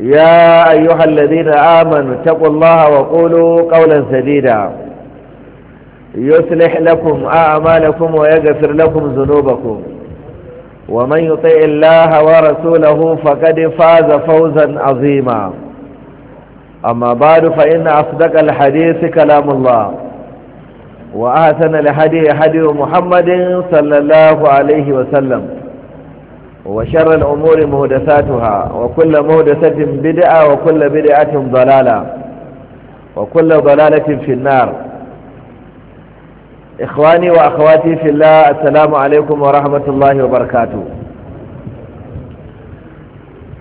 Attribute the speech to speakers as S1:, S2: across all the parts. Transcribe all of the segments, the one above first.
S1: يا أيها الذين آمنوا اتقوا الله وقولوا قولا سديدا يصلح لكم أعمالكم ويغفر لكم ذنوبكم ومن يطيع الله ورسوله فقد فاز فوزا عظيما أما بعد فإن أصدق الحديث كلام الله وأحسن الحديث حديث محمد صلى الله عليه وسلم وشر الأمور مهدساتها وكل مهدسة بدعة وكل بدعة ضلالة وكل ضلالة في النار إخواني وأخواتي في الله السلام عليكم ورحمة الله وبركاته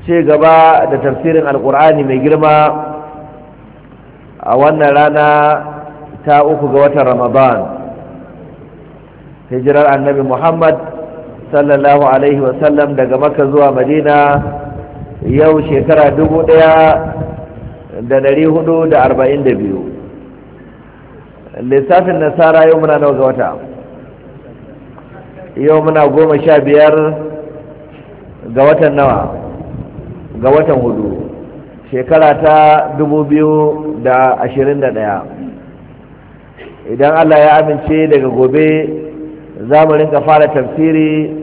S1: شيء قبا لتفسير القرآن من جرمى أولنا لنا تاؤك قوة رمضان هجرة النبي محمد sallallahu alaihi wasallam daga maka zuwa madina yau shekara dubu ɗaya da dari hudu da arba'in da biyu lissafin nasara yau muna nawa ga wata yau muna goma sha biyar ga watan nawa ga watan hudu shekara ta dubu biyu da ashirin da ɗaya idan allah ya amince daga gobe za mu rinka fara tafsiri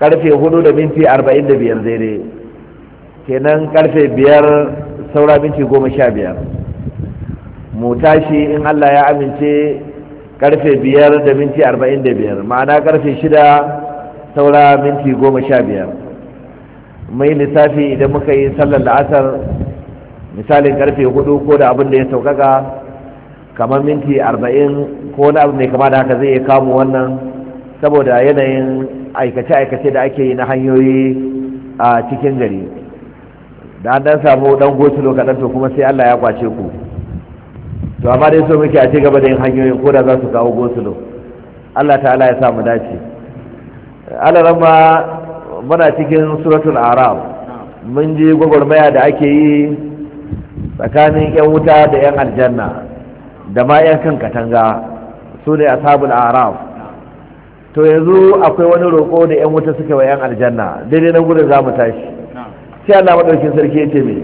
S1: karfe hudu da minti arba'in da biyar daidai kenan karfe biyar saura minti goma sha biyar mu tashi in allah ya amince karfe biyar da minti arba'in da biyar ma'ana karfe shida saura minti goma sha biyar mai lissafi idan muka yi sallar la'asar misalin karfe hudu ko da abin da ya saukaka kamar minti arba'in ko wani abu mai kama da haka zai iya kamo wannan saboda yanayin aikace-aikace da ake yi na hanyoyi a cikin gari da an dan samu dan gosulo kaɗan to kuma sai Allah ya kwace ku to amma dai so muke a ci gaba da yin hanyoyin ko da za su kawo gosulo Allah ta'ala ya sa mu dace ma muna cikin suratul arab mun ji gwagwarmaya da ake yi tsakanin 'yan wuta da 'yan aljanna da ma 'yan kan katanga su ne ashabul arab to yanzu akwai wani roƙo da 'yan wuta suka wa 'yan aljanna daidai na gudun za mu tashi sai Allah maɗaukin sarki ya ce mai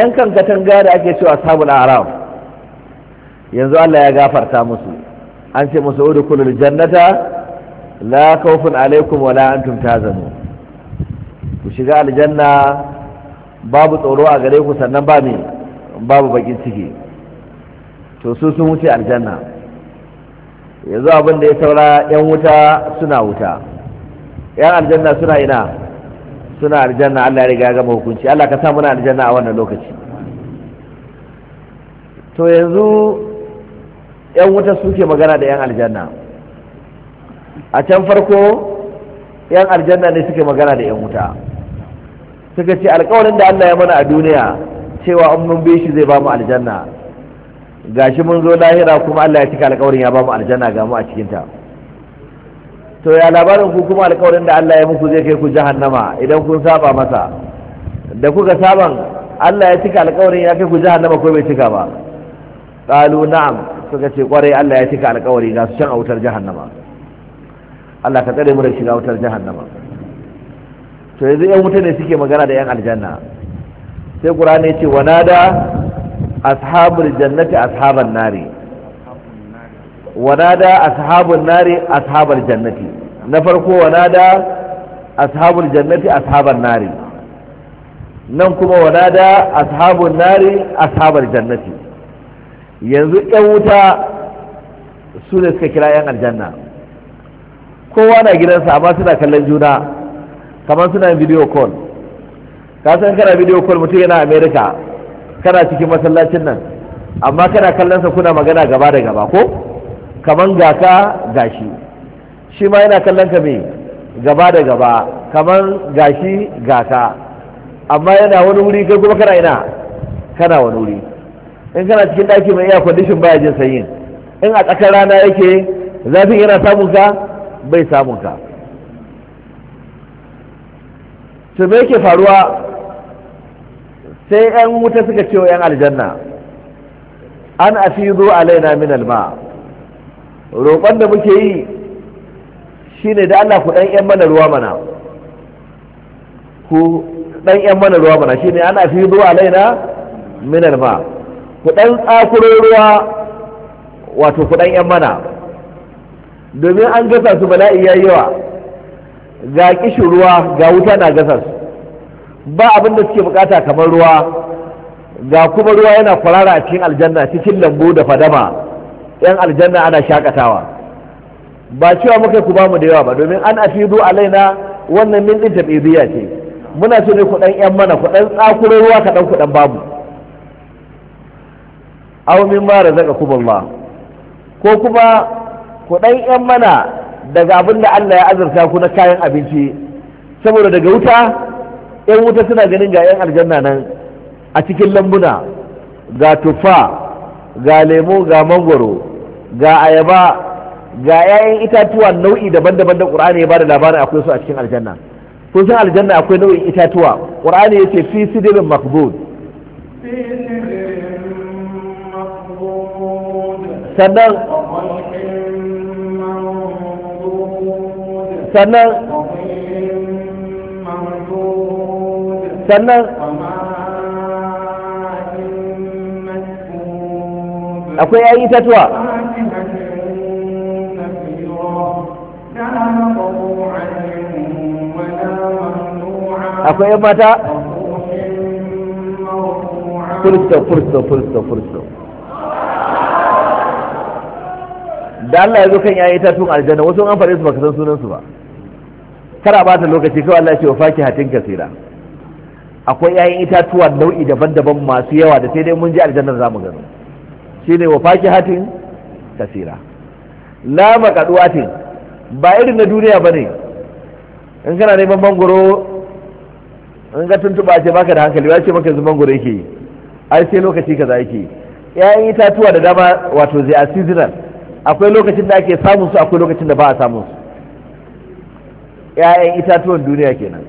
S1: yan kan katanga da ake cewa ashabul aram yanzu Allah ya gafarta musu an ce musu udkhulul jannata la khawfun alaikum wala antum tazanun ku shiga aljanna babu tsoro a gare ku sannan ba me babu bakin ciki to su sun wuce aljanna yanzu abin da ya saura yan wuta suna wuta yan aljanna suna ina suna aljanna Allah ya riga ya gama hukunci Allah ka sa muna aljanna a wannan lokaci to yanzu yan wuta suke magana da yan aljanna a can farko yan aljanna ne suke magana da yan wuta suka ce alkawarin da Allah ya mana a duniya cewa in mun bi shi zai ba mu aljanna gashi mun zo lahira kuma Allah ya cika alkawarin ya ba mu aljanna ga mu a cikin ta to ya labarin ku kuma alƙawarin da Allah ya muku zai kai ku jahannama idan kun saba masa da kuka saban Allah ya cika alƙawarin ya kai ku jahannama ko bai cika ba qalu na'am suka ce kwarai Allah ya cika alƙawari ga su can a wutar jahannama Allah ka tsare mu da shiga wutar jahannama to yanzu yan wuta ne suke magana da yan aljanna sai qur'ani ya ce wanada ashabul jannati ashaban nari wanada ashabun nari ashabar jannati na farko wanada ashabul jannati ashaban nari nan kuma wanada ashabun nari ashabar jannati yanzu yan wuta su ne suka kira yan aljanna kowa na gidansa amma suna kallon juna kamar suna yin video call ka san kana video call mutum yana america kana cikin masallacin nan amma kana sa kuna magana gaba da gaba ko kaman ga gashi shi ma yana kallon ka mai gaba da gaba kaman gashi ga ka amma yana wani wuri kai kuma kana ina kana wani wuri in kana cikin ɗaki mai iya kwandishin baya jin sanyi in a tsakar rana yake zafin yana samun ka bai samun ka to me yake faruwa sai 'yan wuta suka ce wa 'yan aljanna an afizu alaina min alma'a roƙon da muke yi shine da Allah ku ɗan ‘yan mana ruwa mana ku ɗan ‘yan mana ruwa mana ne ana fi zuwa laina minar ma ku ɗan tsakuro ruwa wato ku ɗan ‘yan mana domin an gasa su bala'i ya yawa ga kishin ruwa ga wuta na gasa su ba abin da suke bukata kamar ruwa ga kuma ruwa yana kwarara a cikin aljanna cikin lambu da fadama yan aljanna ana shakatawa ba cewa muka ku bamu da yawa ba domin an afidu alaina wannan min din tabidiyya ce muna so ne ku dan yan mana ku dan tsakuro ruwa ka dan ku babu aw min ma razaqakumullah ko kuma ku dan yan mana daga abin da Allah ya azurta ku na kayan abinci saboda daga wuta yan wuta suna ganin ga yan aljanna nan a cikin lambuna ga tufa ga lemo ga mangoro ga ayaba ga 'ya'yan itatuwa nau'i daban-daban da qur'ani ya ba da labarin akwai su a cikin aljanna kun san aljanna akwai nau'in itatuwa qur'ani yace fi sidirin makbud
S2: sannan
S3: sannan
S1: sannan
S2: akwai 'ya'yan itatuwa akwai yan mata fursto
S1: fursto fursto fursto da Allah ya zo kan yayi ta tun aljanna wasu an fare su baka san sunan su ba kara ba ta lokaci kawai Allah ya ce wa hatin kasira akwai yayin itatuwa nau'i daban-daban masu yawa da sai dai mun ji za zamu gano shine wa hatin kasira la maqaduatin ba irin na duniya bane in kana neman mangoro in ga tuntuba ce baka da hankali ba ce maka zuban gure yake yi ai sai lokaci kaza yake yi ƴaƴan itatuwa da dama wato zai a seasonal akwai lokacin da ake samun su akwai lokacin da ba a samun su ƴaƴan itatuwan duniya kenan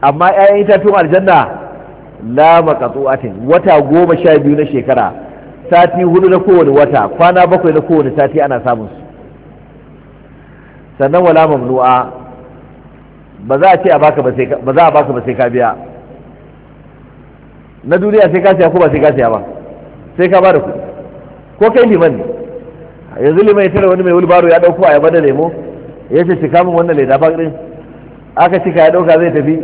S1: amma ƴaƴan itatuwan aljanna la maqatu'atin wata goma sha biyu na shekara sati hudu na kowane wata kwana bakwai na kowane sati ana samun su sannan wala mamnu'a ba za a ce a baka ba sai za a baka ba sai ka biya na duniya sai ka siya ko ba sai ka siya ba sai ka bada kuɗi ko kai liman ne yanzu liman ya tara wani mai wulbaro ya dauko a yabar da lemo ya ce cika min wannan leda ɗin aka cika ya dauka zai tafi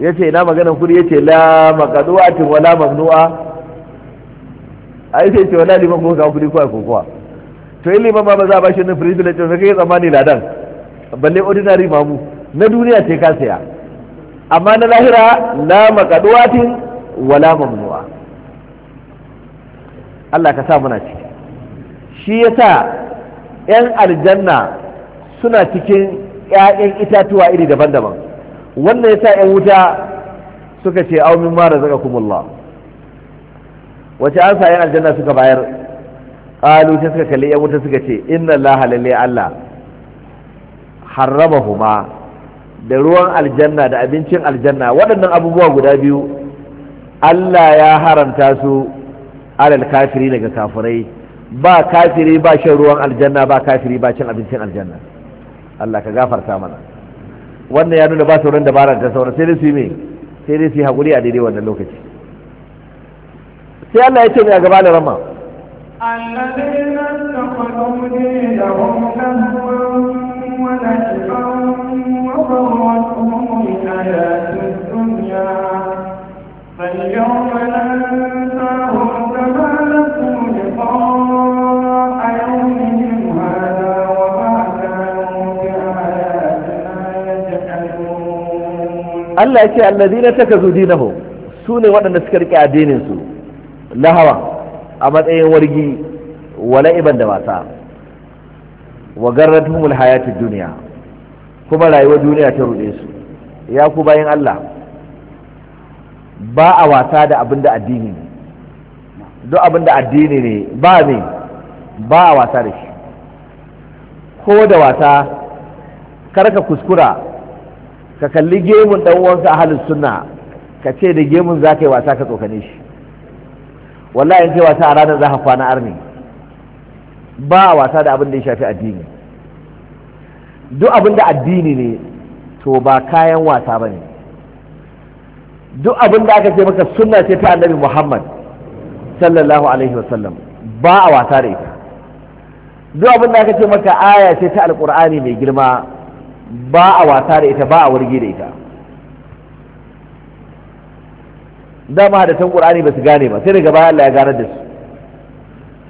S1: ya ce ina maganar kuɗi ya ce la a cikin wala mamnu'a yi sai ce wala liman ko ka kuɗi ko ko kokowa to liman ma ba za a bashi wannan privilege ba kai tsammani ladan balle ordinary mamu na duniya ce ka saya amma na lahira la maqaduwatin wala mamnu'a Allah ka sa muna ciki shi yasa yan aljanna suna cikin yayan itatuwa iri daban-daban wannan yasa yan wuta suka ce aumin ma razaqakumullah wace an sa yan aljanna suka bayar qalu sai suka kalli yan wuta suka ce inna allaha lalle allah harramahuma da ruwan aljanna da abincin aljanna waɗannan abubuwa guda biyu Allah ya haramta su alal kafiri daga kafirai ba kafiri ba shan ruwan aljanna ba kafiri ba cin abincin aljanna Allah ka gafarta mana wannan ya nuna ba sauran dabara ta sauran sai dai su yi me sai dai su yi hakuri a daidai wannan lokaci sai Allah ya ce mai a gaba da rama
S2: الذين اتخذوا دينهم لهوا ولعبا وغرتهم الحياة الدنيا فاليوم ننساهم كما نسوا لقاء يومهم هذا وما كانوا بآياتنا يجحدون
S1: الله يكي الذين تكزوا دينهم سوني وانا نسكرك عدين سو لهوا a matsayin wargi wala'iban da wasa wa garratuhumul hayatid duniya kuma rayuwar duniya ta ruɗe su ya ku bayan Allah ba a wasa da abin da addini ne duk abin da addini ne ba ne ba a wasa da shi ko da wasa kar ka kuskura ka kalli gemun dan uwansa a halin sunna ka ce da gemun za ka yi wasa ka tsokane shi wallahi in ce wasa a ranar za ka kwana arni ba a wasa da abin da ya shafi addini duk abin da addini ne to ba kayan wasa ba ne duk abin da aka ce maka sunna ce ta annabi muhammad sallallahu alaihi wasallam ba a wasa da ita duk abin da aka ce maka aya ce ta alkur'ani mai girma ba a wasa da ita ba a warge da ita dama hadatan qur'ani ba su gane ba sai daga baya Allah ya gane da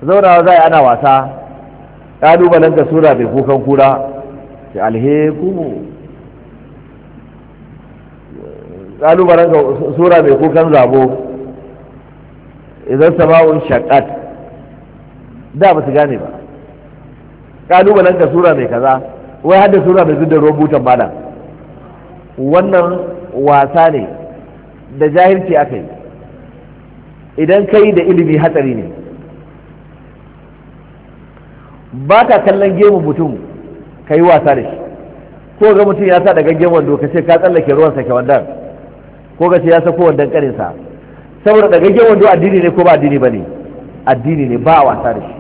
S1: su zaunawa za a ana wasa ƙalubalen da sura bai kukan kura ce alhekumu ƙalubaren ga sura mai kukan zabo idan sama'un shakat da ba su gane ba ƙalubaren ka sura mai kaza wai hada sura mai zudda rubutan malam wannan wasa ne da jahilci aka yi idan ka yi da ilimi hatsari ne ba ka kallon gemun mutum ka yi wasa da shi ko ga mutum ya sa da gaggen wando ka ce ka tsallake ruwan ke wandan ko ga ce ya sako wandan sa saboda da gaggen wando addini ne ko ba addini ba ne addini ne ba wasa da shi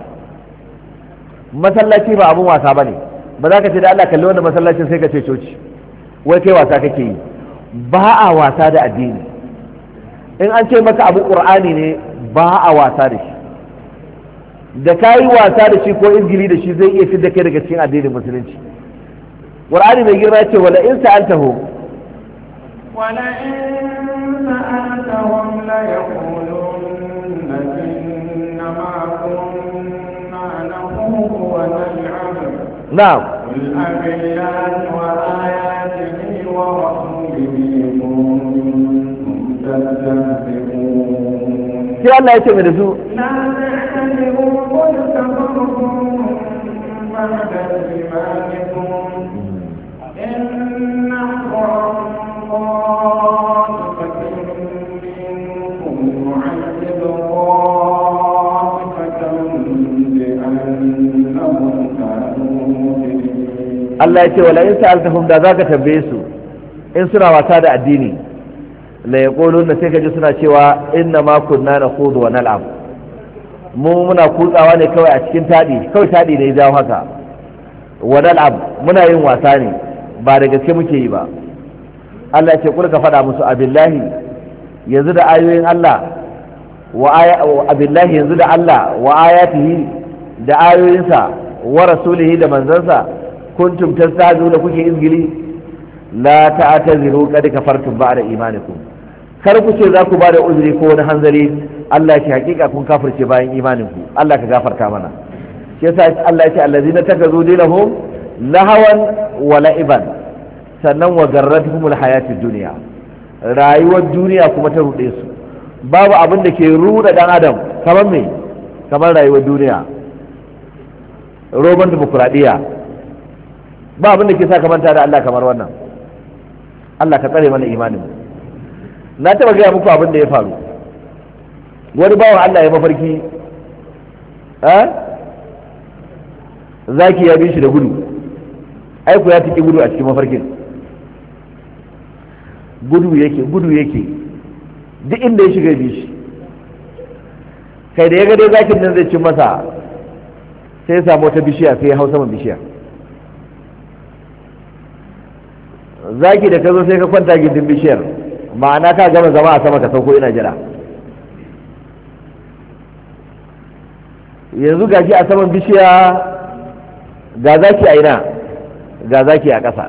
S1: masallaci ba abun wasa ba ne ba za ka ce da Allah kalli wanda masallacin sai ka ce coci wai kai wasa kake yi ba a wasa da addini in an ce maka abu qur'ani ne ba a wasa da shi da ka yi wasa da shi ko izgili da shi zai iya fidda kai daga cikin addinin musulunci qur'ani mai girma ce wala in sa'altahu
S2: wala in sa'altahum la yaqulunna inna ma kunna nahudu wa nal'ab na'am qul abillahi wa ayatihi wa rasulihi kuntum tastahzi'un
S1: sai Allah ya ce mai da su na'am Allah ya ce wala in sa'altahum da zaka tambaye su in suna wasa da addini la yaquluna sai kaji suna cewa inna ma kunna nakhudu wa nal'ab mu muna kutsawa ne kawai a cikin tadi kawai tadi ne ya haka wa nal'ab muna yin wasa ne ba da gaske muke yi ba Allah ya ce kula ka faɗa musu abillahi yanzu da ayoyin Allah wa abillahi yanzu da Allah wa ayatihi da ayoyinsa wa rasulihi da manzansa kuntum da kuke izgili la ta'taziru kad ba da imanikum kar ku ce za ku bada uzuri ko wani hanzari Allah shi hakika kun kafirce bayan imaninku ku Allah ka gafarta mana shi yasa Allah ya ce allazina takazu dinahum lahawan wa la'iban sannan wa garratuhumul hayatid dunya rayuwar duniya kuma ta rude su babu abin da ke ruda dan adam kamar me kamar rayuwar duniya roban dimokuraɗiyya ba abin da ke sa ka manta da Allah kamar wannan Allah ka tsare mana imanin mu na taba gaya muku abin da ya faru wani bawa Allah ya mafarki eh zaki ya bi shi da gudu aiko ya tiki gudu a cikin mafarkin gudu yake gudu yake duk inda ya shiga bi shi kai da ya ga dai zakin nan zai ci masa sai ya samu wata bishiya sai ya hau saman bishiya zaki da ka zo sai ka kwanta gindin bishiyar ma'ana ka gama zama a sama ka sauko ina jira yanzu gashi a saman bishiya ga zaki a ina ga zaki a ƙasa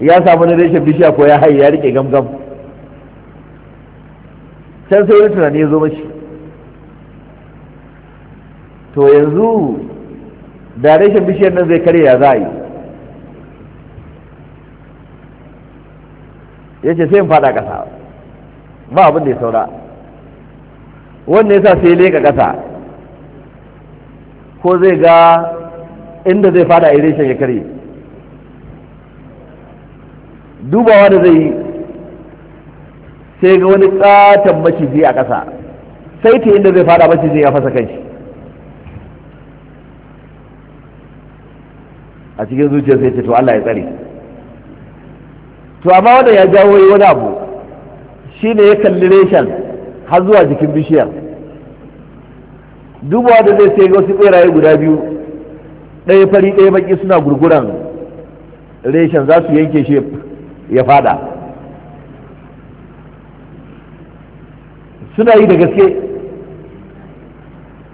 S1: ya samu na reshen bishiya ko ya haye ya rike gamgam can sai wani tunani ya zo mashi to yanzu da reshen bishiyar nan zai karya za a yi ya ce sai in fada ƙasa ba abin da ya saura wanda ya sa sai leka ƙasa ko zai ga inda zai fada a irishin ya karye dubawa da zai yi sai ga wani ƙaton maciji a ƙasa sai ta inda zai fada maciji ya fasa kai a cikin zuciya sai ce to Allah ya tsare to amma wanda ya jawo wani abu shi ne ya kalli reshen har zuwa jikin bishiyar dubawa da zai sai wasu beraye guda biyu ɗaya fari ɗaya baki suna gurguran reshen za su yanke shi ya fada suna yi da gaske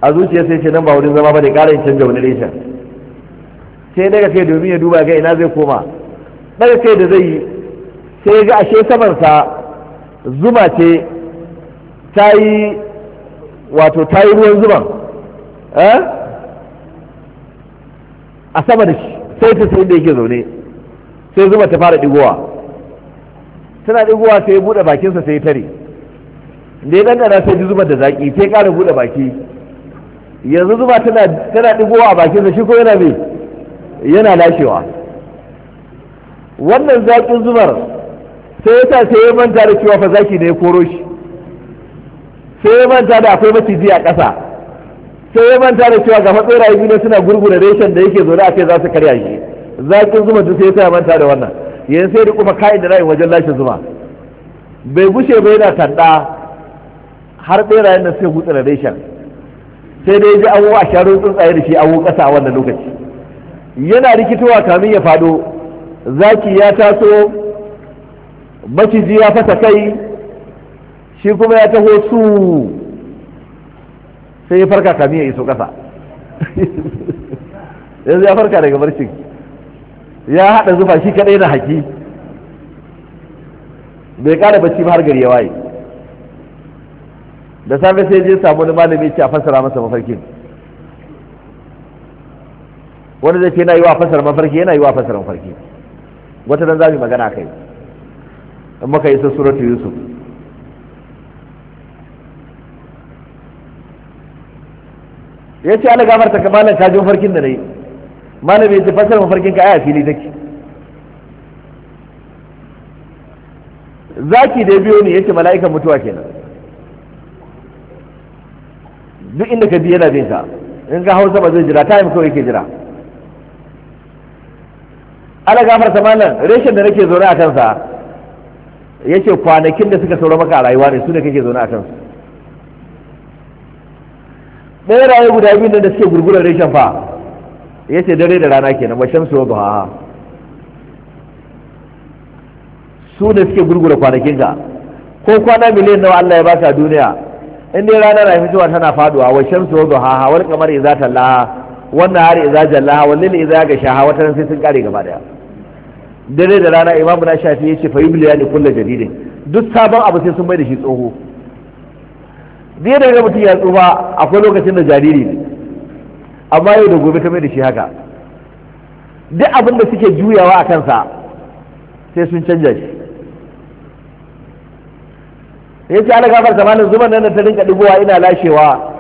S1: a zuciya sai ce nan ba wurin zama ba da ƙara canja wani reshen sai daga sai domin ya duba ga ina zai koma daga sai da zai yi sai ga ashe samansa zuma ce ta yi wato ta yi ruwan zuma eh? a sama da shi sai ta sai da yake zaune sai zuma ta fara digowa tana digowa sai ya buɗe bakinsa sai ya tare da ya dangana sai ji zuma da zaƙi sai ƙara buɗe baki yanzu zuma tana digowa a bakinsa shi ko yana mai yana lashewa wannan zaƙin zubar sai ya sa sai ya manta da cewa fa zaki ne ya koro shi sai ya manta da akwai maciji a ƙasa sai ya manta da cewa ga matsora biyu ne suna gurgura reshen da yake zaune a kai za su karya shi zakin zuma duk sai ya manta da wannan yanzu sai ya kuma kayan da rayin wajen lashe zuma bai gushe ba yana tanda har ɓerayen nan sai gutsura reshen sai dai ji abubuwa a sharon tsuntsaye da shi abu ƙasa a wannan lokaci yana rikitowa kamin ya faɗo zaki ya taso maciji ya fata kai shi kuma ya taho su sai ya farka kami ya iso kasa yanzu ya farka daga barcin ya haɗa zufa shi kaɗai na haƙi bai ƙara bacci ba har gari ya waye da safe sai je samu wani malami ce a fassara masa mafarkin wani zai ce yana yi wa fassara mafarki yana yi wa fassara mafarki wata nan za mu magana kai maka isa suratu yusuf ya ce ala gamar ta kamalan kajin farkin da na yi malami ya ce fasar mafarkin ka aya fili take zaki da ya biyo ne ya ce mala'ikan mutuwa kenan duk inda ka bi yana bin ka in ka hausa ba zai jira time kawai ke jira ala gamar ta malam reshen da nake zaune a kansa yace kwanakin da suka saura maka a rayuwa ne su ne kake zaune a kansu ɗaya ɓeraye guda biyu da suke gurgurar reshen fa yace dare da rana kenan ba shamsu wa duha su ne suke gurgura kwanakin ka ko kwana miliyan nawa Allah ya baka a duniya in dai rana na fitowa tana faduwa wa shamsu wa duha wal kamar idza talaha wannan har idza jallaha wal layli idza shaha wata sai sun kare gaba daya dare da rana imamu na shafi ya ce fa yubliya ne kullu duk sabon abu sai sun mai da shi tsoho zai da ga mutum ya tsufa akwai lokacin da jariri ne amma yau da gobe ta mai da shi haka duk abin da suke juyawa a kansa sai sun canja shi ya ce ala gafar samanin zuban nan ta rinka dubowa ina lashewa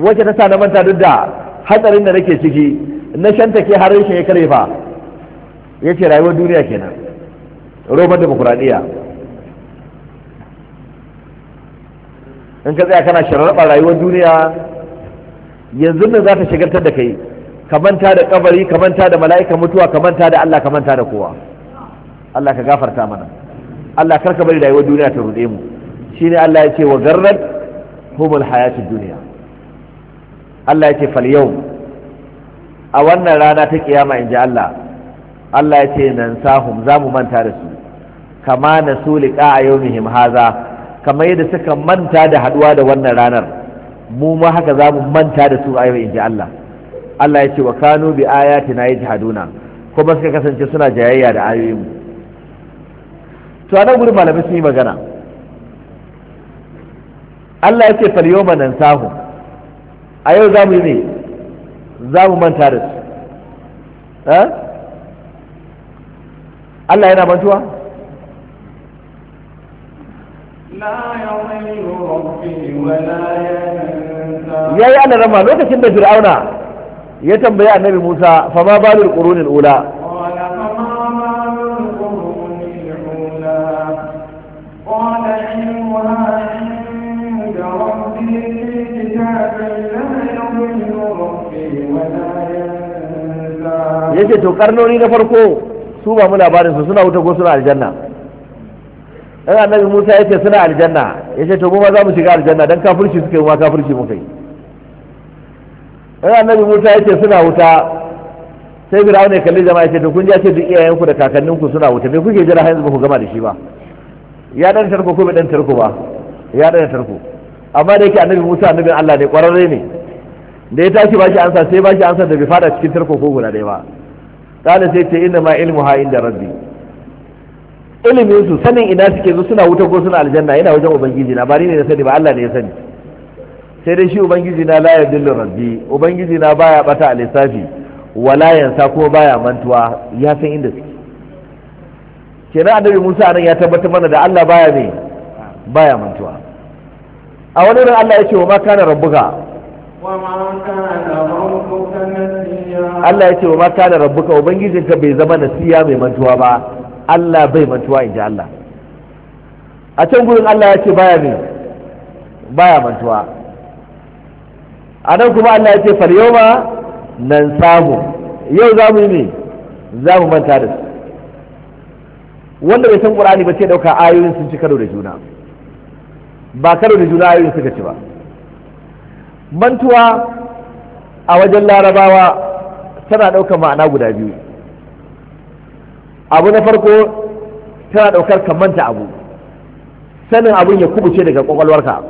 S1: wacce ta sa na manta duk da hatsarin da nake ciki na shanta ke harin shi ya karfe ya ce rayuwar duniya kenan roman demokuraɗiyya in ka tsaya kana shirarɓar rayuwar duniya yanzu nan za ta shigartar da kai kamanta da kabari kamanta da mala'ika mutuwa kamanta da Allah kamanta da kowa Allah ka gafarta mana Allah kar ka bari rayuwar duniya ta rude mu shine Allah ya ce wa garrat humul hayatud duniya Allah ya ce fal yau a wannan rana ta kiyama inji Allah Allah ya ce nan sahum za mu manta da su kama na su liƙa a yau haza kamar yadda suka manta da haɗuwa da wannan ranar mu ma haka za mu manta da su a yau in ji Allah Allah ya ce wa kanu bi yaji Haduna kuma suka kasance suna jayayya da ayoyinmu to a nan gurin malamai sun yi magana Allah ya ce falyoma nan sahum a yau za mu yi ne za mu manta da su eh Allah yana mantuwa
S2: ya yi ana rama lokacin da fir'auna
S1: ya tambayi annabi musa fama balul ƙurunin ula
S2: yake to karnoni
S1: na farko su ba mu labarin su suna wuta ko suna aljanna dan annabi Musa yace suna aljanna yace to mu ba za mu shiga aljanna dan kafirci suke ma kafirci mu kai dan annabi Musa yace suna wuta sai Fir'auna ne kalli jama'a yace to kun ji yace duk iyayenku da kakanninku suna wuta me kuke jira har yanzu ba ku gama da shi ba ya dan tarko ko bai dan tarko ba ya dan tarko amma da yake annabi Musa annabin Allah ne kwararre ne da ya tashi shi ansa sai ba shi ansa da bai fada cikin tarko ko guda ɗaya ba kala sai ce inda ma ilmu ha inda rabbi ilimin su sanin ina suke zo suna wuta ko suna aljanna yana wajen ubangiji na ba ni ne na sani ba Allah ne ya sani sai dai shi ubangiji na la yadillu rabbi ubangiji na baya bata a lissafi wala yansa ko baya mantuwa ya san inda suke kenan annabi Musa nan ya tabbatar mana da Allah baya ne baya mantuwa a wani ran Allah ya ce wa ma kana rabbuka
S2: wa ma kana Allah
S1: ya ce wa ma da rabbuka ubangijinka bai zama nasiya mai mantuwa ba Allah bai mantuwa in ji Allah a can gurin Allah ya ce baya ne baya mantuwa a nan kuma Allah ya ce Falyoma nan samu yau za mu yi ne za mu manta da su wanda bai san qur'ani ba ce dauka ayoyin sun ci karo da juna ba karo da juna ayoyin suka ci ba mantuwa a wajen larabawa tana ɗaukar ma'ana guda biyu abu na farko tana ɗaukar ka manta abu sanin abun ya kubuce daga ƙwaƙwalwarka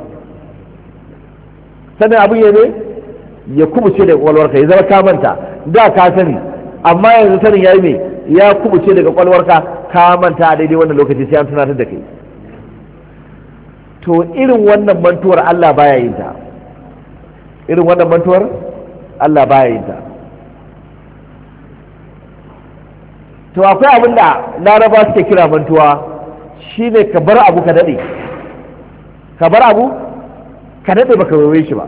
S1: sanin abun ya ne ya kubuce daga ƙwaƙwalwarka ya zama kamanta manta da ka sani amma yanzu sanin ya yi me ya kubuce daga ƙwaƙwalwarka ka manta a daidai wannan lokaci sai an tunatar da kai to irin wannan mantuwar Allah baya yin ta irin wannan mantuwar Allah baya yin ta to akwai abin da laraba suke kira mantuwa ne ka bar abu ka daɗe ka bar abu ka daɗe ba ka wawe shi ba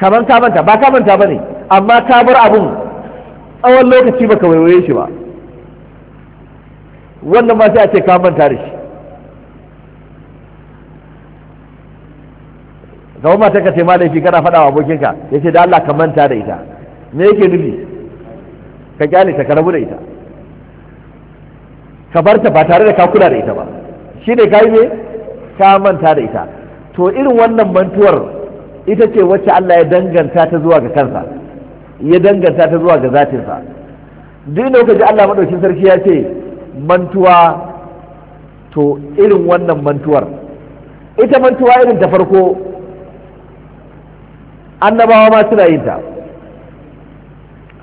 S1: kamar ka manta ba ka manta ba ne amma ka bar abun tsawon lokaci ba ka wawe shi ba wannan ma sai a ce ka manta da shi wani mata ka ce ma laifi kana faɗa wa abokinka ya ce da Allah ka manta da ita me yake nufi ka gyale ta ka rabu da ita ka bar ta ba tare da ka kula da ita ba shi ne kai ka manta da ita to irin wannan mantuwar ita ce wacce Allah ya danganta ta zuwa ga kansa ya danganta ta zuwa ga zatinsa duk da ji Allah madaukin sarki ya ce mantuwa to irin wannan mantuwar ita mantuwa irin ta farko annabawa ma suna yin ta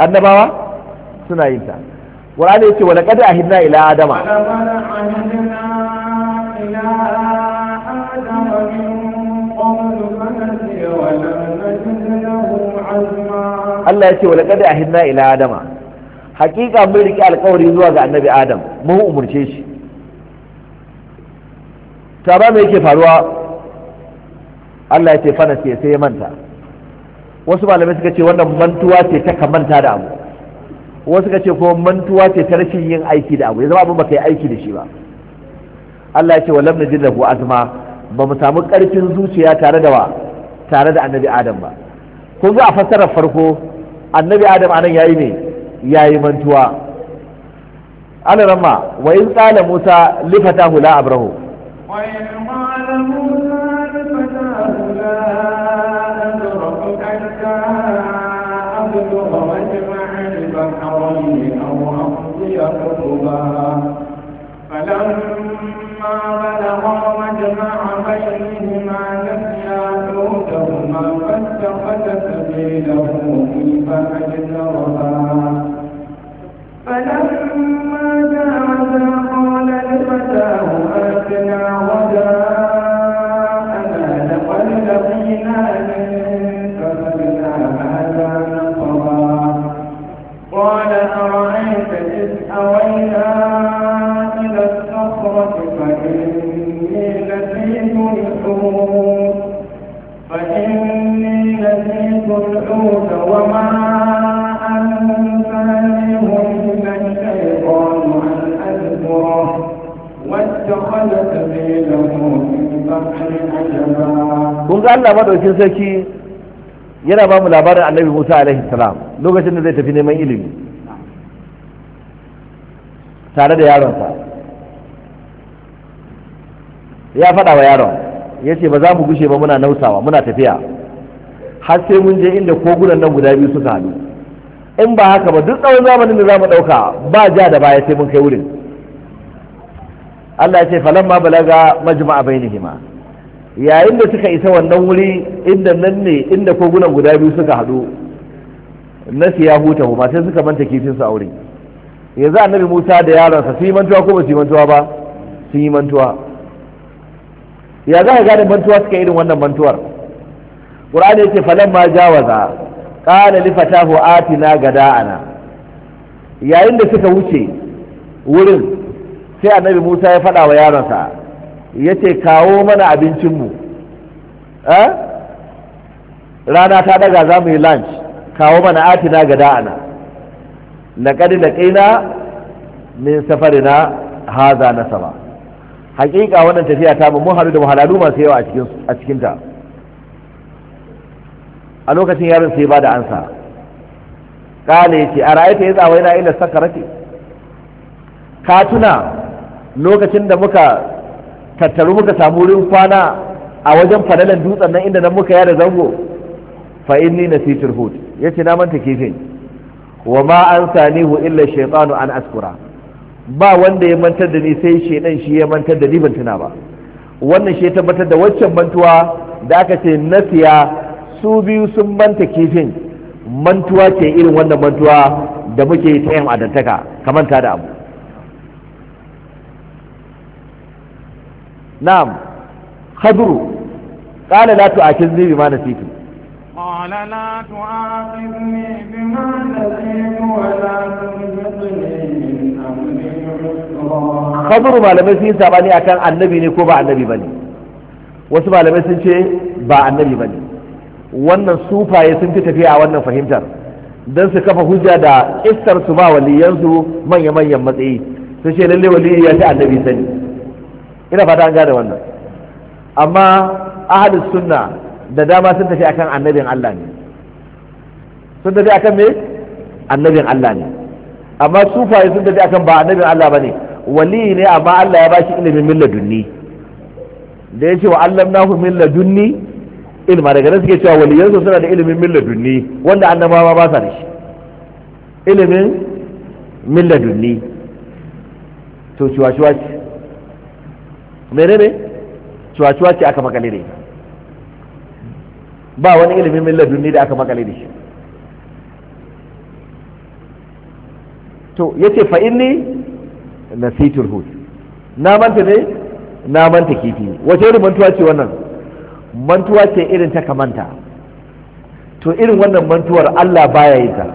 S1: annabawa suna yin ta qur'ani yake wa laqad ahidna ila adama Allah yake wa laqad ahidna ila adama hakika mun riki alƙawari zuwa ga annabi adam mun umurce shi tara me yake faruwa Allah ya ce fana ce sai ya manta wasu malamai suka ce wannan mantuwa ce ta manta da abu wasu suka ce kuma mantuwa ce ta rashin yin aiki da abu ya zama abin baka yi aiki da shi ba Allah ya ce wa lamna jin lahu azma ba mu samu karfin zuciya tare da wa tare da annabi adam ba kun ga a fassarar farko annabi adam anan yayi ne yayi mantuwa Allah ramma wa in qala musa lifata hula abrahu
S2: قربا فلما بلغا مجمع بينهما نسيا حوتهما فاتخذ سبيله في فأجدرها
S1: madaukin sarki yana ba mu labarin annabi musa alaihi salam lokacin da zai tafi neman ilimi tare da yaronsa ya faɗa wa yaron ya ce ba za mu gushe ba muna nausawa muna tafiya har sai mun je inda kogunan nan guda biyu suka haɗu in ba haka ba duk tsawon zamanin da za mu ɗauka ba ja da baya sai mun kai wurin Allah ya ce falamma balaga majma'a bainihima yayin da suka isa wannan wuri inda nan ne inda kogunan guda biyu suka haɗu na ya huta huma sai suka manta kifin su aure yanzu annabi musa da yaransa su yi mantuwa ko ba su yi mantuwa ba sun yi mantuwa ya za ka gane mantuwa suka irin wannan mantuwar qur'ani yace falan ma jawaza qala li fatahu atina gada'ana yayin da suka wuce wurin sai annabi musa ya faɗa wa yaransa ya ce kawo mana abincinmu eh? rana ta daga za mu yi lunch kawo mana atina ga da'ana na laƙari da ƙina min na haza na sama hakika wannan tafiya ta mu haɗu da muhalalu masu yawa a cikinta a lokacin yarin sai ba da ansa ƙale ce a ra'ayta ya tsawai na ila sakarati ka tuna lokacin da muka tattaru muka samu wurin kwana a wajen fadalan dutsen nan inda nan muka yada zango fa inni nasitul hud yace na manta kifin wa ma an sanihu illa shaytanu an askura ba wanda ya mantar da ni sai shaidan shi ya mantar da ni ban tuna ba wannan shi ya tabbatar da waccan mantuwa da aka ce nasiya su biyu sun manta kifin mantuwa ce irin wannan mantuwa da muke ta yin adantaka kamar ta da abu نعم خضر قال لا تؤاخذني بما نسيت
S2: قال لا تؤاخذني بما نسيت ولا la
S1: malamai sun yi sabani akan annabi ne ko ba annabi bane wasu malamai sun ce ba annabi bane wannan sufaye sun fi tafiya a wannan fahimtar don su kafa hujja da istar su ba waliyansu manya-manyan matsayi su ce lalle waliyi ya fi annabi sani ina fata an gane wannan amma ahalus sunna da dama sun tafi akan annabin Allah ne sun tafi akan me annabin Allah ne amma sufaye sun tafi akan ba annabin Allah ba ne wali ne amma Allah ya bashi ilimin min ladunni da ya ce wa allamnahu min ladunni ilma daga nan suke cewa waliyansu suna da ilimin min ladunni wanda annabawa ba sa da shi ilimin min ladunni to shuwa shuwa ce menene cuwa-cuwa ce aka makale da ba wani ilimin milladun ne da aka makale da shi to yace fa na nasitul hud na manta ne na manta kifi wace irin mantuwa ce wannan mantuwa ce irin ta kamanta to irin wannan mantuwar Allah baya yi ta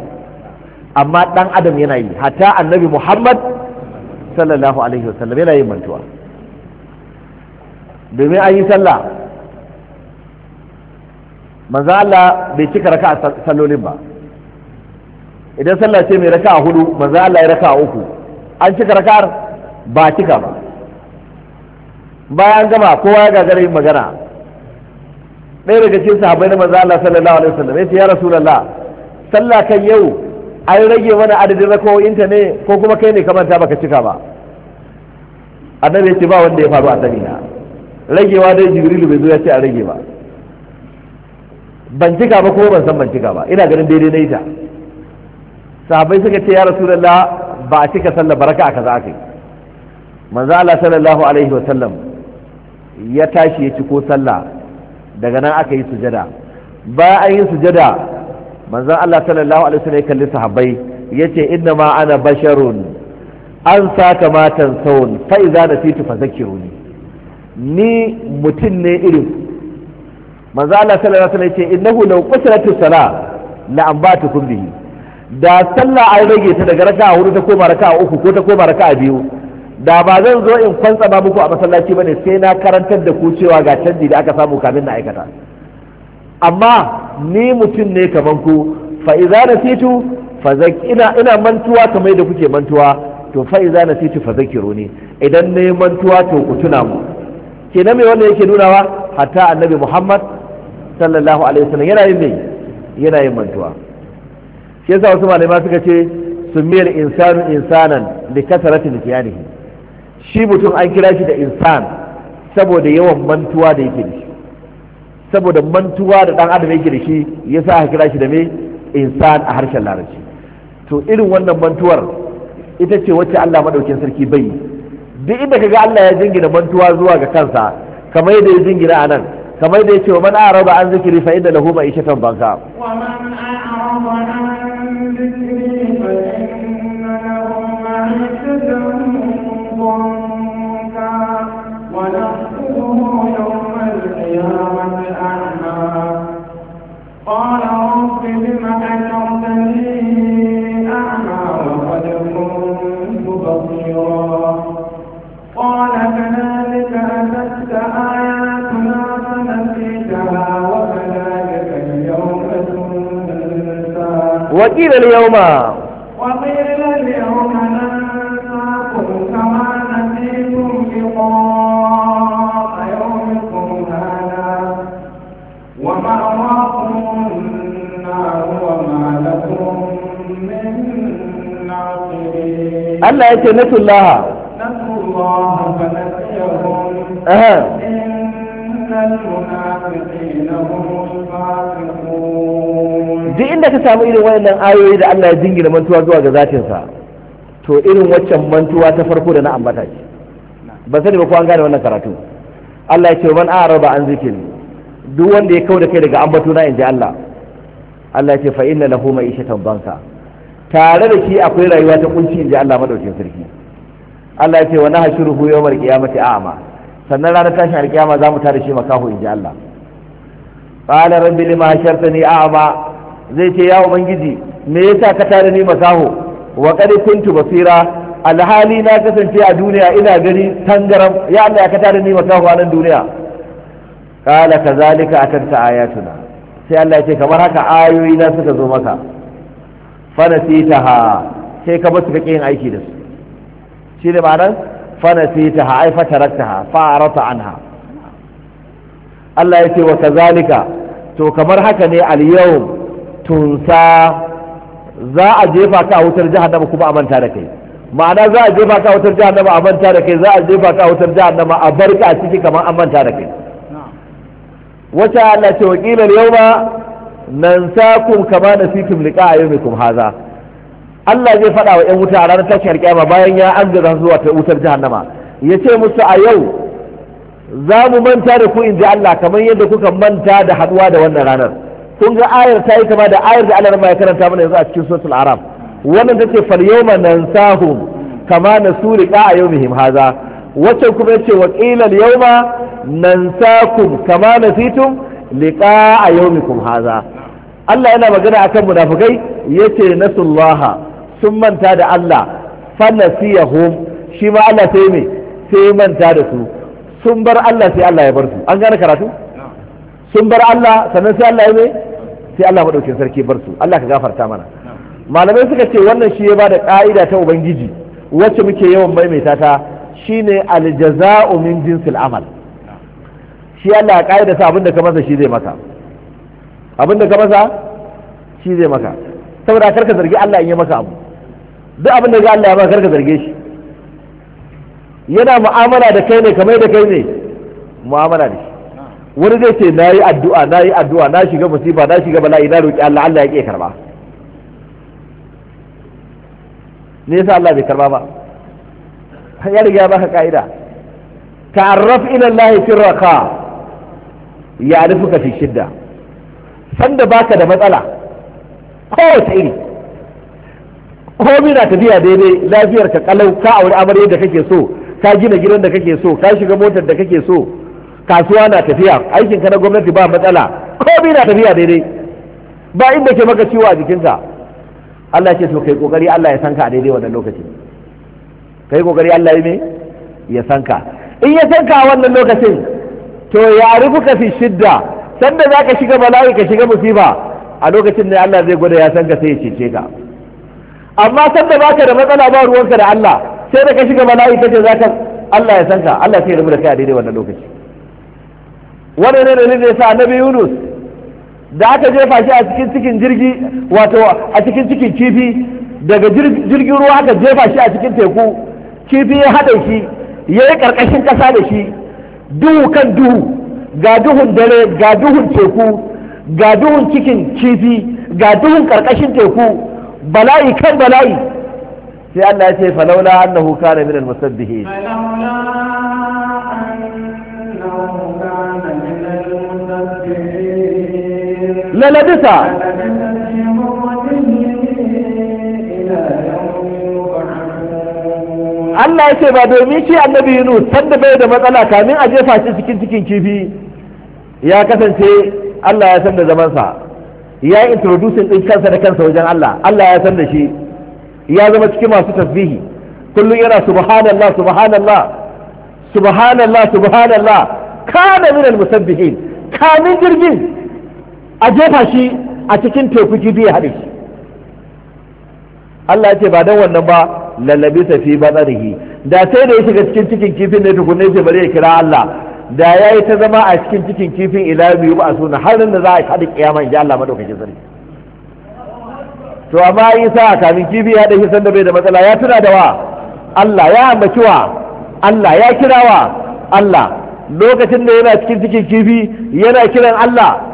S1: amma dan adam yana yi hatta annabi Muhammad sallallahu alaihi wasallam yana yin mantuwa domin an yi sallah manzo Allah bai cika raka a sallolin ba idan sallah ce mai raka a hudu manzo Allah ya raka a uku an cika raka ba cika ba bayan gama kowa ya gagara yin magana ɗaya daga cikin sahabbai na manzo Allah sallallahu alaihi wasallam yace ya rasulullah sallah kan yau an rage mana adadin rakawoyinta ne ko kuma kai ne ka manta baka cika ba annabi ce ba wanda ya faru a sani ragewa dai jibrilu bai zo ya ce a rage ba ban cika ba kuma ban san ban cika ba ina ganin daidai na ita sahabbai suka ce ya rasulullah ba a cika sallar baraka a kaza aka yi manzo Allah sallallahu alaihi wa sallam ya tashi ya ci ko sallah daga nan aka yi sujada ba an yi sujada manzon Allah sallallahu alaihi wa sallam ya kalli sahabbai ce inna ma ana basharun an sa kamatan saun fa idza nasitu fadhakkiruni ni mutum ne irin manzo Allah sallallahu alaihi wasallam yace innahu law qutiratu sala la ambatukum bihi da sallah an rage ta daga raka'a hudu ta koma raka'a uku ko ta koma raka'a biyu da ba zan zo in kwantsa ba muku a masallaci bane sai na karantar da ku cewa ga canji da aka samu kamin na aikata amma ni mutum ne kaman ku fa idza nasitu fa ina ina mantuwa kamar da kuke mantuwa to fa idza nasitu fa zakiruni idan ne mantuwa to ku tuna mu kenan mai wanda yake nunawa hatta annabi muhammad sallallahu alaihi wasallam yana yin mai yana yin mantuwa shi yasa wasu malama suka ce sumiyar insanu insanan li kasarati nisyanihi shi mutum an kira shi da insan saboda yawan mantuwa da yake da shi saboda mantuwa da dan adam yake da shi yasa aka kira shi da mai insan a harshen larabci to irin wannan mantuwar ita ce wacce Allah madaukin sarki bai duk inda kaga Allah ya jingina mantuwa zuwa ga kansa kamar yadda ya jingina anan kamar yadda ya ce wa man araba an zikiri fa inna lahu ma'ishatan banka
S2: wa man araba an zikiri وقيل اليوم وقيل اليوم ننساكم كما نسيتم لقاء يومكم هذا وما ومأواكم النار وما لكم من ناصرين الله نسوا الله نسوا الله فنسيهم إن المنافقين هم الفاسقون duk
S1: inda ka samu irin wayannan ayoyi da Allah ya jingina mantuwa zuwa ga zatinsa to irin waccan mantuwa ta farko da na ambata ce ba sani ba ko an gane wannan karatu Allah ya ce man araba an zikiri duk wanda ya kau da kai daga ambato na inji Allah Allah ya ce fa inna lahu ma'ishatan banka tare da shi akwai rayuwa ta kunci inji Allah madaukin sarki Allah ya ce wa nahshuruhu yawmal qiyamati a'ma sannan ranar tashin alkiyama za mu tare shi makahu inji Allah qala rabbi lima hashartani a'ma zai ce ya ubangiji me yasa ka tare ni masaho wa qad kuntu basira alhali na kasance a duniya ina gani tangaram ya Allah ya ka tare ni masaho a nan duniya qala kazalika atanta ayatuna sai Allah ya ce kamar haka ayoyi na suka zo maka fa nasitaha sai ka basu kake yin aiki da su shi ne ma'anar fa nasitaha ai fa taraktaha fa anha Allah ya ce wa kazalika to kamar haka ne al-yawm tunsa za a jefa ka a wutar jahannama kuma a manta da kai ma'ana za a jefa ka a wutar jahannama a manta da kai za a jefa ka a wutar jahannama a bar ka a ciki kamar an manta da kai wata Allah ce wakilar yau ma nan sa sakum kama yau liqa yawmikum haza Allah zai faɗa wa 'yan wuta a ranar tashiyar kyama bayan ya an gaza zuwa ta wutar jahannama ya ce musu a yau za mu manta da ku in ji Allah kamar yadda kuka manta da haɗuwa da wannan ranar kun ga ayar ta yi kama da ayar da Allah ya karanta mana yanzu a cikin suratul arab wannan ta ce fal yawma nansahum kama nasu liqa yawmihim haza wacce kuma yace wa qila al yawma nansakum kama nasitum liqa yawmikum haza Allah yana magana a kan akan munafikai yace nasullaha sun manta da Allah fa nasiyahum shi ma Allah sai me sai manta da su sun bar Allah sai Allah ya bar su an gane karatu sun bar Allah sannan sai Allah ya mai sai Allah maɗaukin sarki bar su Allah ka gafarta mana malamai suka ce wannan shi ya bada ka'ida ta ubangiji wacce muke yawan maimaita ta shine aljaza'u min jinsil amal shi Allah ya ka'ida sa abinda ka masa shi zai maka abinda ka masa shi zai maka saboda karka zargi Allah in ya maka abu duk abinda ga Allah ya maka karka zarge shi yana mu'amala da kai ne kamar da kai ne mu'amala da shi wani zai ce na yi addu'a na yi addu'a na shiga musifa na shiga bala'i na roƙi Allah Allah ya ƙi karba ne yasa Allah bai karba ba ya riga ya baka ka'ida ta'arraf ila Allah fi raka ya ka fi shidda sanda baka da matsala kowace iri Ko na tafiya daidai lafiyar ka kalau ka aure amarya da kake so ka gina gidan da kake so ka shiga motar da kake so kasuwa na tafiya aikin ka na gwamnati ba matsala komai na tafiya daidai ba inda ke maka ciwo a jikinka Allah ya ce to kai kokari Allah ya sanka a daidai wannan lokaci kai kokari Allah ya me ya sanka in ya sanka a wannan lokacin to ya ka fi shidda sanda zaka shiga bala'i ka shiga musiba a lokacin ne Allah zai gwada ya sanka sai ya cece ka amma sanda baka da matsala ba ruwanka da Allah sai da ka shiga bala'i kace zaka Allah ya sanka Allah sai ya rubuta kai a daidai wannan lokaci wani ne dalilin da na annabi Yunus da aka jefa shi a cikin cikin jirgi wato a cikin cikin kifi daga jirgin ruwa aka jefa shi a cikin teku kifi ya haɗa shi ya yi ƙarƙashin ƙasa da shi duhu kan duhu ga duhun dare ga duhun teku ga duhun cikin kifi ga duhun ƙarƙashin teku bala'i kan bala'i sai Allah ya ce falaula annahu kana min al-musabbihin للبث Allah ya ce ba domin shi annabi Yunus da bai da matsala kamin a jefa shi cikin cikin kifi ya kasance Allah ya san da zamansa ya introducing din kansa da kansa wajen Allah Allah ya san da shi ya zama cikin masu tasbihi kullum yana subhanallah subhanallah subhanallah subhanallah kana min al-musabbihin kamin jirgin a jefa shi a cikin teku kifi ya haɗe shi Allah ya ce ba dan wannan ba lallabi safi batsarihi da sai da ya shiga cikin cikin kifin ne tukunne ce bari ya kira Allah da ya yi ta zama a cikin cikin kifin ila biyu ba a suna har da za a haɗe kiyama in ji Allah madaukakin sarki to amma a kamin kifi ya haɗe shi sanda bai da matsala ya tuna da wa Allah ya ambaci wa Allah ya kira wa Allah lokacin da yana cikin cikin kifi yana kiran Allah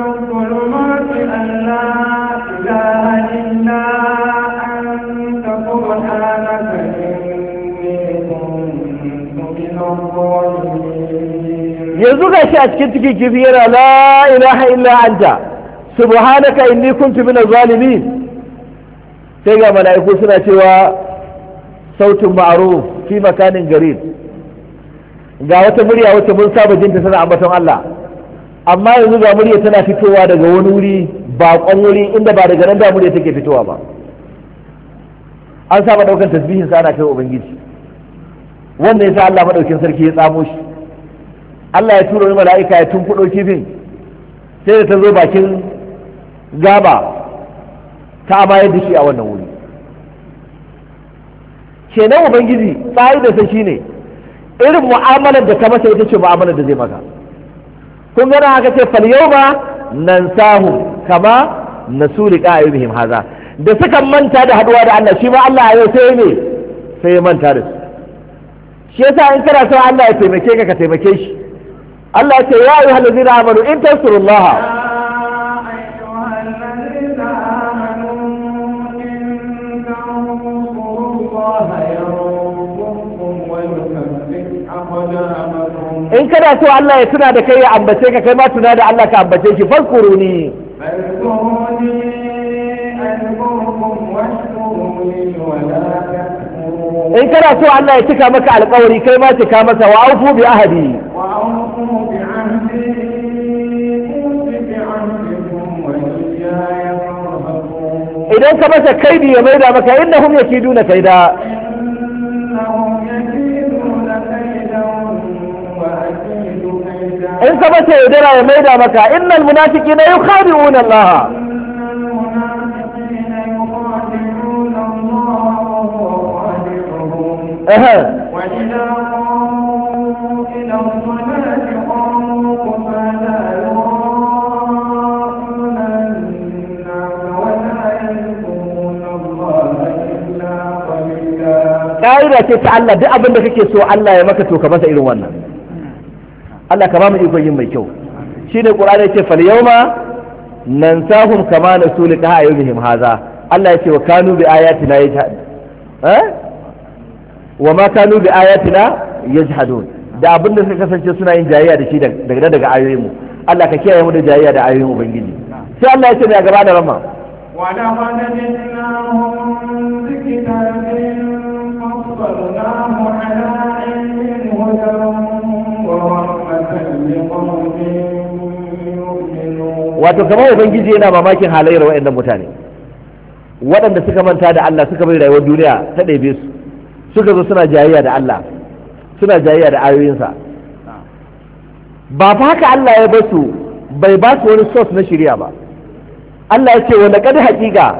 S1: yanzu ga shi a cikin ciki kifi yana la ilaha illa anta subhanaka inni kuntu na zalimin sai ga mala'iku suna cewa sautin ma'ruf fi makanin garib ga wata murya wacce mun saba jinta tana ambaton Allah amma yanzu ga murya tana fitowa daga wani wuri bakon wuri inda ba daga nan da murya take fitowa ba an saba daukan tasbihin sa ana kai ubangiji ya yasa Allah madaukin sarki ya tsamo shi Allah ya tura wani mala'ika ya tunkuɗo kifin sai da ta zo bakin gaba ta amayar da shi a wannan wuri kenan ubangiji tsari da sa shine irin mu'amalar da ta masa ita ce mu'amalar da zai maka kun gana haka ce fal yau ba nan sahu kama a liqa ayyuhum haza da suka manta da haduwa da Allah shi ma Allah ya sai ne sai manta da su shi yasa in kana so Allah ya taimake ka ka taimake shi Allah ya ce ya ayyuha allazina amanu in
S2: tansurullaha in kana so Allah
S1: ya tuna da kai ya ambace ka kai ma tuna da Allah ka ambace shi farkuruni in kana so Allah ya cika maka alƙawari kai ma cika masa wa aufu bi ahadi
S2: idan ka masa kaidi ya maida maka innahum
S1: yakiduna kaida in ka masa yaudara ya maida maka innal na yukhadi'una Allah Uh-huh. ƙa'ida ce ta Allah duk abin da kake so Allah ya maka to ka masa irin wannan Allah ka ba mu ikon yin mai kyau shine Qur'ani yace fal yawma nansahum kama nasu liqa ayyuhum haza Allah yace wa kanu bi ayatina yajhad eh wa ma kanu bi ayatina yajhadun da abin da suka kasance suna yin jayayya da shi daga daga ayoyin mu Allah ka kiyaye mu da jayayya da ayoyin ubangiji sai Allah yace da gaba da rama
S2: ولقد جئناهم بكتاب wato kamar ubangiji yana mamakin
S1: halayyar waɗannan mutane waɗanda suka manta da Allah suka bai rayuwar duniya ta ɗebe su suka zo suna jayayya da Allah suna jayayya da ayoyinsa ba fa haka Allah ya basu bai ba su wani source na shirya ba Allah ya ce wa laqad haqiqa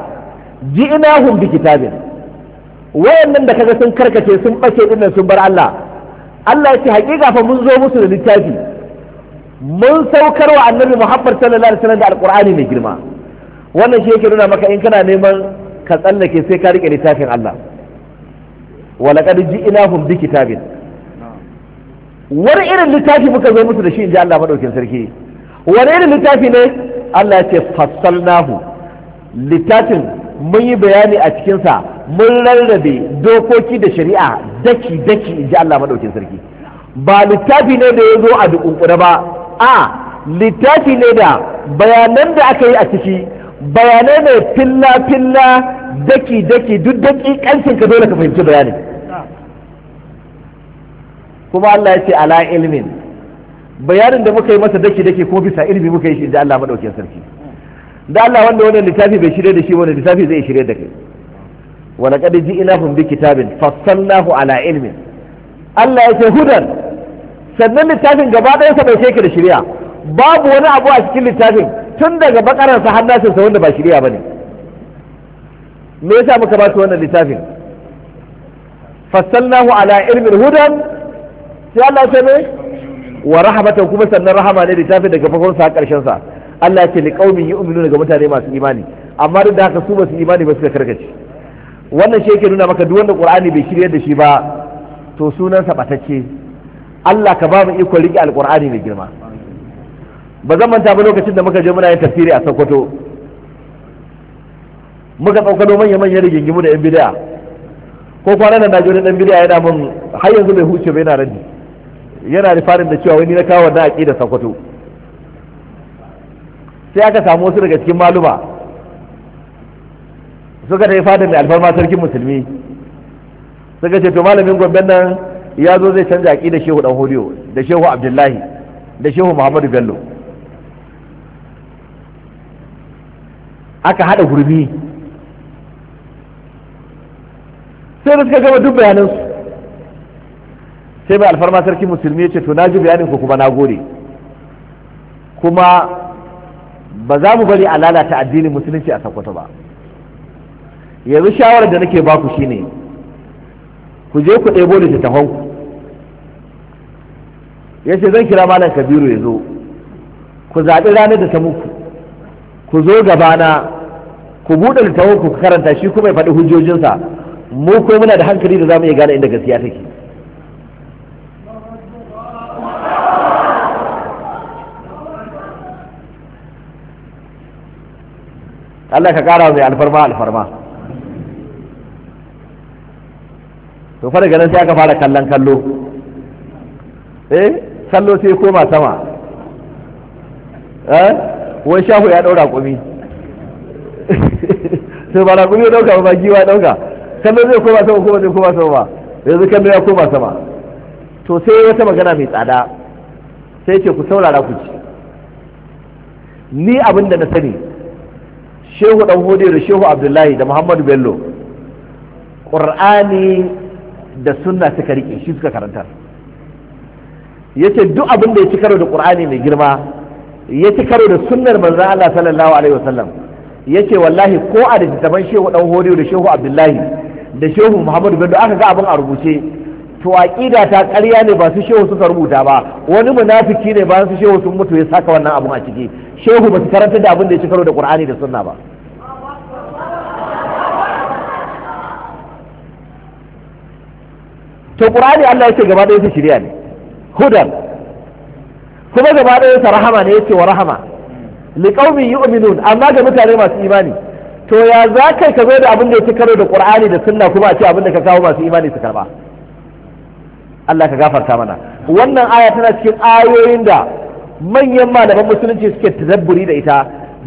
S1: ji'nahum bi kitabin wayannan da kaga sun karkace sun bace dinnan sun bar Allah Allah ya ce hakika fa mun zo musu da littafi mun saukar wa annabi Muhammad sallallahu alaihi wasallam da alqur'ani mai girma wannan shi yake nuna maka in kana neman ka tsallake sai ka rike littafin Allah wa laqad ji'nahum bi kitabin wani irin littafi muka zo musu da shi inji Allah madaukin sarki wani irin littafi ne Allah ya ce fassalnahu littafin mun yi bayani a cikinsa mun rarrabe dokoki da shari'a daki daki in ji Allah maɗaukin sarki ba littafi ne da ya zo a dukunkuna ba a littafi ne da bayanan da aka yi a ciki bayanai ne filla filla daki daki duk daki kancin ka dole ka fahimci bayanin kuma Allah ya ce ala ilmin bayanin da muka yi masa daki daki ko bisa ilmi muka yi shi da Allah maɗaukin sarki da Allah wanda wannan littafi bai shirya da shi wannan littafi zai shirya da kai wa laqad ji'nahum bi kitabin fassalnahu ala ilmin Allah ya ce hudan sannan littafin gaba ɗaya sa bai sheke da shari'a babu wani abu a cikin littafin tun daga bakarar sa har nasin sa wanda ba shari'a bane me yasa muka ba su wannan littafin fassalnahu ala ilmin hudan sai Allah ya ce me wa rahmatan kuma sannan rahama ne littafin daga farkon sa har sa Allah ya ce liqaumin yu'minuna ga mutane masu imani amma duk da haka su ba su imani ba suka karkace wannan shi yake nuna maka duk wanda qur'ani bai shirya da shi ba to sunan batacce Allah ka ba mu iko rike alqur'ani mai girma ba zan manta ba lokacin da muka je muna yin tafsiri a Sokoto muka do manya manyan rigingimu da yan bid'a ko kwanan nan da dan bid'a yana mun har yanzu bai huce bai na radi yana da farin da cewa wani na kawo da aqida Sokoto sai aka samu wasu daga cikin maluma suka ta yi fada mai alfarma sarkin musulmi suka ce to malamin gwamnan nan ya zo zai canja aƙi da shehu dan horiyo da shehu abdullahi da shehu muhammadu bello aka haɗa gurbi sai da suka gama duk bayanansu sai mai alfarma sarkin musulmi ya ce to na ji bayanin ku kuma na gode kuma ba za mu bari a lalata addinin musulunci a sakwato ba yanzu shawarar da nake baku shine ku je ku ɗebo ku ya ce zan kira malam kabiru ya zo ku zaɓi ranar da ta muku ku zo gabana ku buɗe tahon ku karanta shi kuma ya faɗi hujjojinsa mu kuma muna da hankali da za mu iya gane inda gaskiya take Allah ka kara mai alfarma alfarma to fa ganin sai aka fara kallon kallo eh kallo sai koma sama eh wai shahu ya ɗaura kumi sai ba raƙumi ya dauka ba giwa ya ɗauka. kallo zai koma sama kuma zai koma sama ba yanzu kallo ya koma sama to sai wata magana mai tsada sai ce ku saurara ku ci ni abin da na sani shehu ɗan hudu da shehu abdullahi da muhammadu bello ƙur'ani da sunna suka rike shi suka karanta yace duk abin da ya ci karo da qur'ani mai girma ya ci karo da sunnar manzon Allah sallallahu alaihi wasallam yace wallahi ko a da taban shehu dan horiyo da shehu abdullahi da shehu muhammadu bello aka ga abin a rubuce to aqida ta ƙarya ne ba su shehu suka rubuta ba wani munafiki ne ba su shehu sun mutu ya saka wannan abun a ciki shehu ba su karanta da abin da ya ci da qur'ani da sunna ba to qur'ani Allah ya ce gaba ɗaya su shirya ne hudan kuma gaba ɗaya sa rahama ne yace wa rahama liqaumi yu'minun amma ga mutane masu imani to ya za kai ka zo da abin da ya karo da qur'ani da sunna kuma a ce abin da ka kawo masu imani su karba Allah ka gafarta mana wannan aya tana cikin ayoyin da manyan malaman musulunci suke tadabburi da ita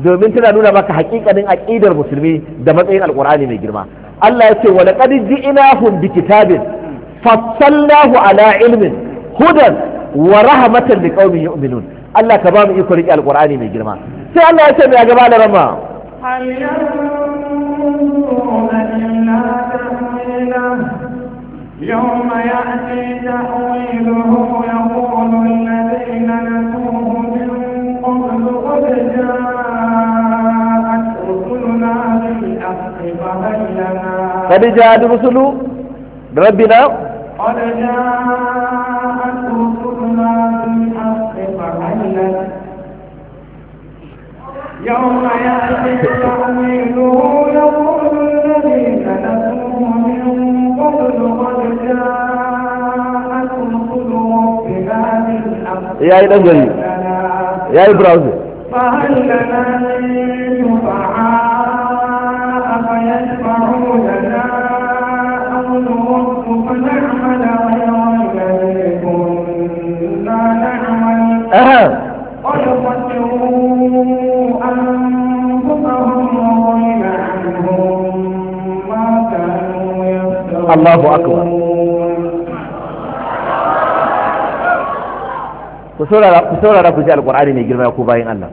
S1: domin tana nuna maka hakikanin aqidar musulmi da matsayin alqur'ani mai girma Allah ya ce wa laqad ji'nahum bi kitabin فصلاه على علم هدى ورحمة لقوم يؤمنون الله كبام يقول لك القرآن من جرما سي الله يسمى يا جبال رما
S2: يوم يأتي تحويله يقول الذين نسوه من قبل قد جاءت رسلنا بالحق فهل لنا فهل جاءت
S1: رسل ربنا
S2: قد جاءت رسلنا بالحق فهلت يوم يأتي تأويله يقول الذين نسوه من قبل قد جاءت رسل ربنا بالحق
S1: يا إلى يا إبراهيم
S2: فهل لنا من
S1: Allahu akbar ku saurara ku ji Alƙur'ani mai girma ko bayan Allah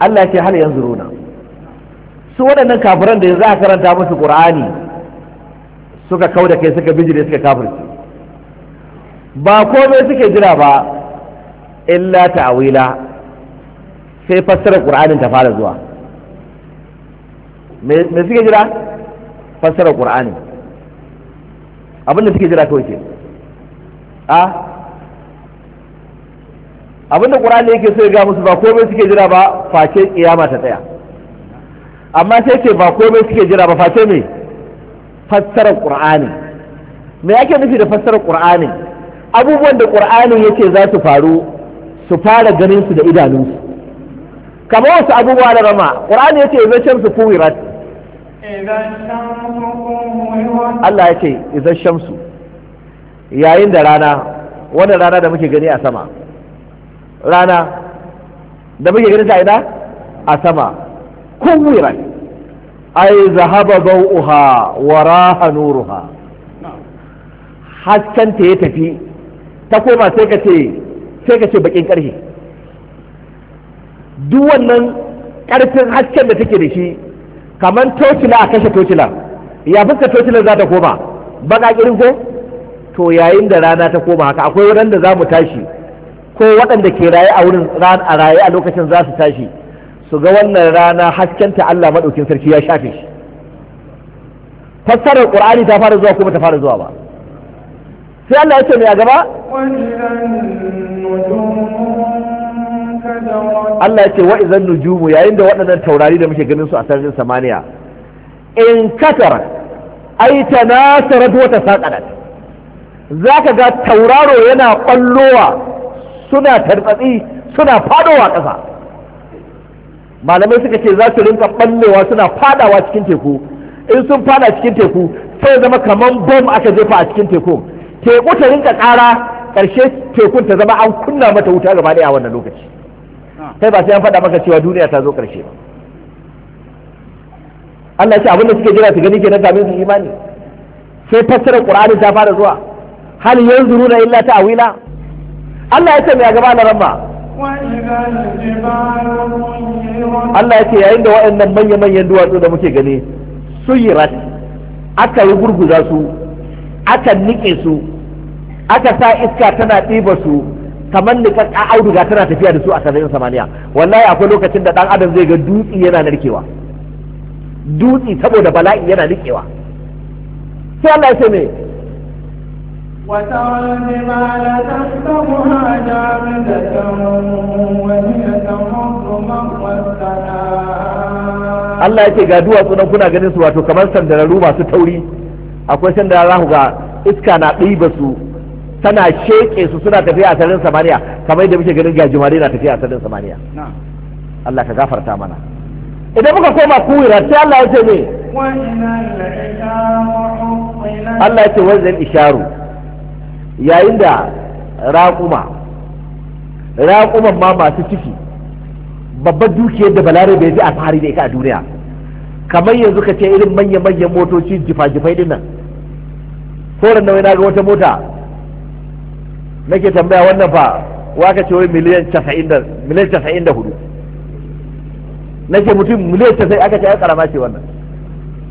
S1: Allah ya ce hal yanzu runa su waɗannan kafiran da yanzu aka karanta musu qur'ani suka kau da kai suka bijire suka kafirci ba komai suke jira ba illa ta'wila sai fassara qur'anin ta fara zuwa me suke jira fassara qur'anin abin da suke jira kawai ke a abinda ƙura ne yake so ya ga musu ba komai suke jira ba face kiyama ta tsaya amma sai ce ba komai suke jira ba face mai fassarar ƙur'ani me ake nufi da fassarar ƙur'ani abubuwan da ƙur'ani yake za su faru su fara ganin su da idanunsu kamar wasu abubuwa da rama ƙur'ani yake zai can su fuwirat Allah ya ce idan shamsu yayin da rana wannan rana da muke gani a sama rana da muke gani ta ina a sama kuwirat ai zahaba bau'uha wa raha nuruha hasken ta ya tafi ta koma sai ka ce sai ka ce bakin karfi duk wannan karfin hasken da take da shi kamar tocila a kashe tocila ya fuska tocilar za ta koma baka kirin ko to yayin da rana ta koma haka akwai waɗanda za mu tashi ko waɗanda ke raye a wurin a raye a lokacin za su tashi su ga wannan rana haskenta Allah maɗaukin sarki ya shafe shi fassarar ƙur'ani ta fara zuwa ko ba ta fara zuwa ba sai Allah ya ce mai a gaba
S2: Allah ya ce wa
S1: idan nujumu yayin da waɗannan taurari da muke ganin su a sararin samaniya in katar ai ta tanasarat wa Za zaka ga tauraro yana kwallowa suna tarbatsi suna fadowa ƙasa malamai suka ce za su rinka ballewa suna fadawa cikin teku in sun fada cikin teku sai zama kaman bom aka jefa a cikin teku teku ta rinka ƙara ƙarshe tekun ta zama an kunna mata wuta gaba ɗaya a wannan lokaci kai ba sai an faɗa maka cewa duniya ta zo ƙarshe ba Allah ya ce abinda suke jira su gani ke na kamin su imani sai fassara Qur'ani ta fara zuwa hal yanzuruna illa ta'wila Allah ya ce mai gaba na ramma
S2: Allah ya ce yayin da
S1: waɗannan manya-manyan duwatsu da muke gani yi rat aka yi gurguza su aka nike su aka sa iska tana ɗiba su kamar ni a auduga tana tafiya da su a sanayin samaniya wallahi akwai lokacin da dan adam zai ga dutsi yana narkewa dutsi saboda bala'i yana narkewa sai Allah ya ce me Allah ya ce ga duwatsu nan kuna ganin su wato kamar sandararu masu tauri akwai sandararu ga iska na ɗiba su tana sheke su suna tafiya a sararin samaniya kamar yadda muke ganin gajimare na tafiya a sararin samaniya Allah ka gafarta mana idan muka koma kuwira sai Allah ya ce ne Allah ya ce wannan isharu yayin da raƙuma raƙuman ma masu ciki babban dukiyar da balare bai ji a da ita a duniya kamar yanzu ka ce irin manya-manyan motoci jifa-jifai dinnan. sauran nawa na ga wata mota nake tambaya wannan fa waka ce wai miliyan 90 miliyan 94 nake mutum miliyan 90 aka ce ai karama ce wannan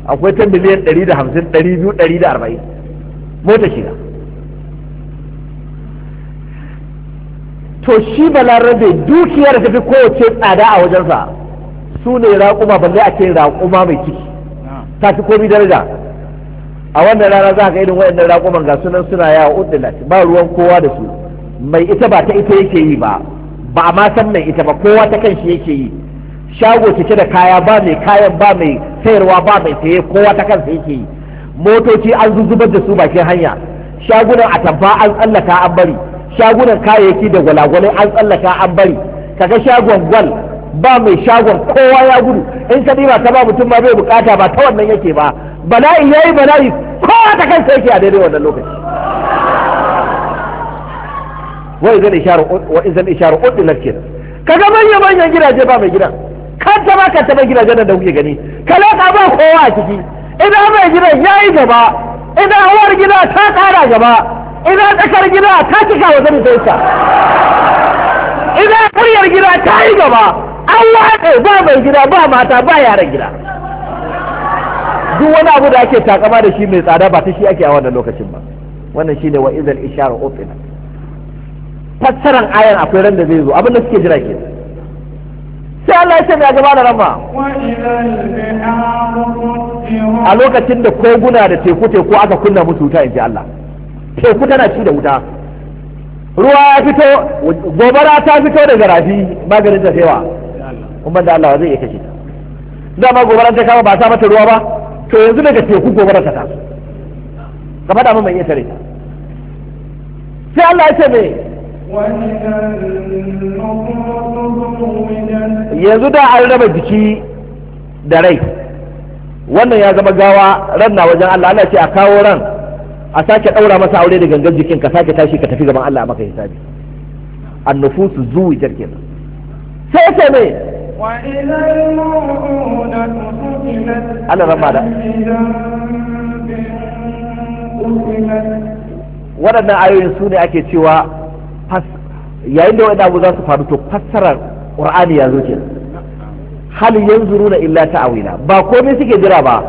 S1: akwai ta miliyan 150 da arba'in mota shiga to shi balarabe dukiyar da fi kowace tsada a wajensa su ne raƙuma balle a ce raƙuma mai ciki ta fi komi daraja a wannan rana za ka irin waɗannan raƙuman ga sunan suna yawa uddilat ba ruwan kowa da su mai ita ba ta ita yake yi ba ba a mai ita ba kowa ta kan shi yake yi shago cike da kaya ba mai kayan ba mai sayarwa ba mai saye kowa ta kansa yake yi motoci an zuzubar da su bakin hanya shagunan atamfa an tsallaka an bari shagunan kayayyaki da gwalagwalai an tsallaka an bari kaga shagon gwal ba mai shagon kowa ya gudu in ka ba ta ba mutum ma bai bukata ba ta wannan yake ba bala'i yayi bala'i kowa ta kansa yake a daidai wannan lokaci wa idan isharu wa idan isharu uddilat kenan kaga manyan manyan gidaje ba mai gidan kan ta ba kan ta ba gidajen nan da kuke gani kalaka ba kowa a ciki idan mai gidan yayi gaba idan hawar gida ta tsara gaba idan tsakar gida ta cika wa zan ta idan kuryar gida ta yi gaba an watsa ba mai gida ba mata ba yaran gida duk wani abu da ake takama da shi mai tsada ba ta shi ake a wannan lokacin ba wannan shi ne wa izal ishara ofina fassaran ayan akwai ran da zai zo abin da suke jira ke sai Allah ya ce ya gaba da rama a lokacin da koguna da teku teku aka kunna musu wuta in ji Allah teku tana ci da wuta ruwa ya fito gobara ta fito daga rafi maganin ta yawa kuma da Allah zai iya kashe ta dama gobara ta kama ba ta mata ruwa ba to yanzu daga teku gobara ta taso ka faɗa min iya tare ta sai Allah ya ce me
S2: yanzu da an raba
S1: jiki da rai wannan ya zama gawa ran na wajen Allah Allah ce a kawo ran a sake daura masa aure da gangan jikin ka sake tashi ka tafi gaban Allah maka hisabi annufusu zuwi jarkin sai ce me ana rama da waɗannan ayoyin su ne ake cewa yayin da waɗanda abu za su faru to fassarar ƙur'ani ya zo ke hal yanzu nuna illa ta'awila ba komai suke jira ba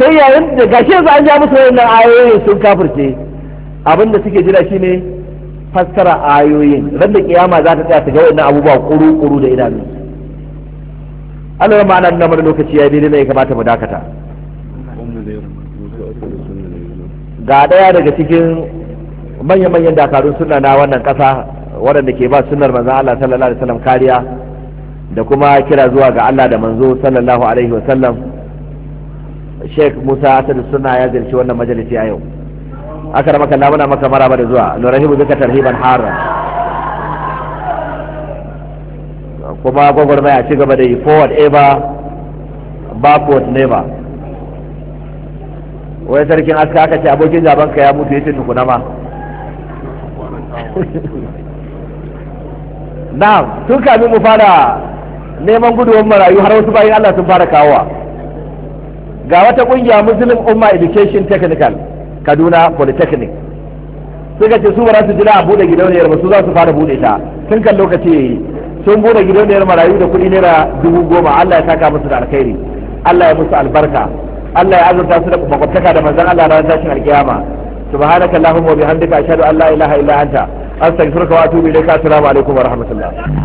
S1: sai yayin da gashi yanzu an ja musu waɗannan ayoyin sun kafirce abin da suke jira shine fassara ayoyin randa kiyama za ta tsaya ta ga waɗannan abubuwa kuru-kuru da idanu Allah ma nan da lokaci ya daidai ne ya kamata mu dakata ga daya daga cikin manya-manyan dakarun sunna na wannan kasa waɗanda ke ba sunnar manzon Allah sallallahu alaihi wasallam kariya da kuma kira zuwa ga Allah da manzo sallallahu alaihi wasallam Sheikh Musa Asad sunna ya zirci wannan majalisi a yau aka maka muna maka maraba da zuwa lurahibu zaka tarhiban haram kuma gwagwarmaya ci gaba da yi forward ever backward never wai sarkin aska aka ce abokin gaban ka ya mutu yace tukuna ma na'am tun kamin mu fara neman guduwar marayu har wasu bayan Allah sun fara kawowa ga wata kungiya Muslim Umma Education Technical Kaduna Polytechnic suka ce su ba za su jira a bude gidauniyar ba su za su fara bude ta tun kan lokaci yayi sun bude gidauniyar marayu da kuɗi naira dubu goma Allah ya saka musu da alkhairi Allah ya musu albarka Allah ya azurta su da makwabtaka da manzon Allah ranar tashin alkiyama subhanaka allahumma wa bihamdika ashhadu an la ilaha illa anta astaghfiruka wa atubu ilayka assalamu alaikum wa rahmatullah